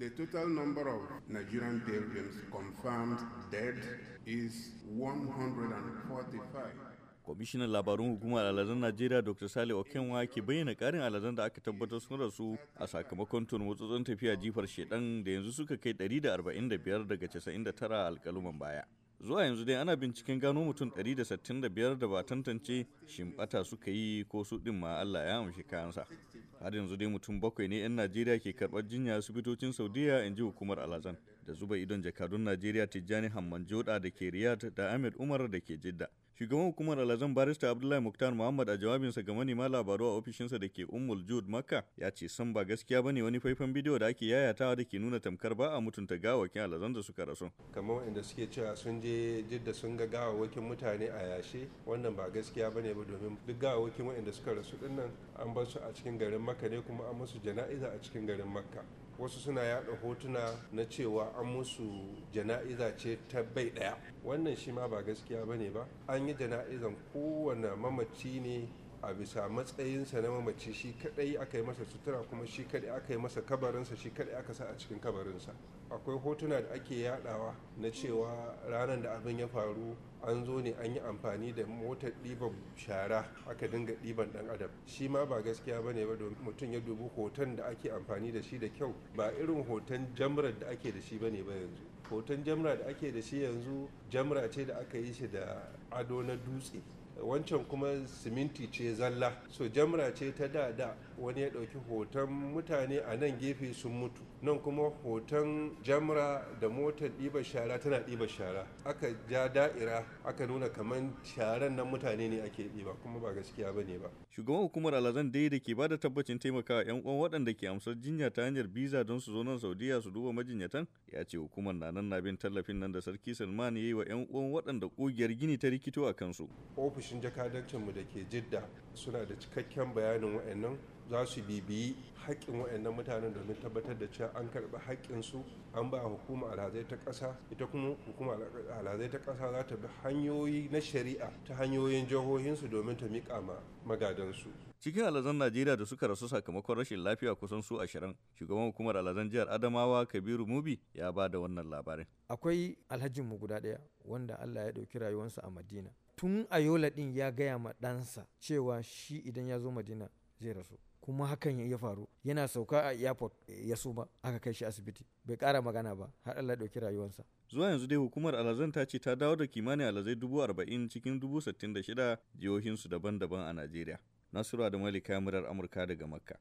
The total number of Nigerian pilgrims confirmed dead is 145. kwamishinan labarun hukumar aladen najeriya dr sale okenwa ke bayyana karin alhazan da aka tabbatar sun rasu a sakamakon turmutsutsun tafiya jifar shedan da yanzu suka kai 145 daga 99 alkaluman baya Zuwa yanzu dai ana binciken gano mutum 165 da ba tantance shimbata suka yi ko su ɗin ma Allah ya amshi kayansa. Har yanzu dai mutum bakwai ne 'yan Najeriya ke karbar jinya asibitocin Saudiya in ji hukumar Alazan. Da zuba idon jakadun Najeriya Tijjani Hamman Joda da ke Riyadh da Ahmed Umar da ke Jidda. Shugaban hukumar alhazan barista Abdullahi Muktar Muhammad a jawabinsa ga manema labaru a ofishinsa da ke Ummul Jud Makka ya ce san ba gaskiya ba ne wani faifan bidiyo da ake yayatawa da ke nuna tamkar ba a mutunta gawakin alhazan da suka rasu. Kamar waɗanda suke cewa sun je jidda sun ga gawakin mutane a yashe wannan ba gaskiya ba ne ba domin duk gawakin waɗanda suka rasu dinnan an bar su a cikin garin Makka ne kuma an musu jana'iza a cikin garin Makka. wasu suna yada hotuna na cewa an musu jana'iza ce ta bai daya wannan shi ma ba gaskiya bane ba an yi jana'izan kowane mamaci ne a bisa matsayinsa na mamaci shi kadai aka yi masa sutura kuma shi kadai aka yi masa kabarinsa shi kadai aka sa a cikin kabarinsa akwai hotuna da ake yadawa na cewa ranar da abin ya faru an zo ne an yi amfani da motar ɗiban shara aka dinga ɗiban ɗan adam shi ma ba gaskiya ba ne ba domin mutum ya dubi hoton da ake amfani da shi da kyau ba irin hoton jamrar da ake da shi ba ne ba yanzu hoton jamra da ake da shi yanzu jamra ce da aka yi shi da ado na dutse wancan kuma siminti ce zalla so jamra ce ta da da wani ya ɗauki hoton mutane a nan gefe sun mutu nan kuma hoton jamra da motar ɗiba shara tana ɗiba shara aka ja da'ira aka nuna kamar sharan nan mutane ne ake ba kuma ba gaskiya ba ne ba. Shugaban hukumar alazan dai da ke bada tabbacin taimakawa 'yan uwan waɗanda ke amsar jinya ta hanyar biza don su zo nan Saudiya su duba majinyatan ya ce hukumar na nan na bin tallafin nan da sarki Salman ya yi wa 'yan uwan waɗanda ƙugiyar gini ta rikito a kansu. Ofishin jakadancin da ke Jidda suna da cikakken bayanin waɗannan za su bibiyi haƙƙin waɗannan mutanen domin tabbatar da cewa an karɓi su an ba hukuma alhazai ta ƙasa ita kuma hukuma alhazai ta ƙasa za ta bi hanyoyi na shari'a ta hanyoyin jihohinsu domin ta miƙa ma magadansu cikin alazan najeriya da suka rasu sakamakon rashin lafiya kusan su ashirin shugaban hukumar alazan jihar adamawa kabiru mubi ya ba da wannan labarin akwai alhajinmu guda ɗaya wanda allah ya ɗauki rayuwarsa a madina tun ayola ɗin ya gaya ma ɗansa cewa shi idan ya zo madina zai rasu kuma hakan ya faru yana sauka a airport ya suma aka kai shi asibiti bai kara magana ba har Allah ɗauki rayuwarsa zuwa yanzu dai hukumar alazan ta ce ta dawo da kimanin alazai dubu arba'in cikin dubu sittin da shida jihohinsu daban-daban a najeriya nasiru da malika murar amurka daga makka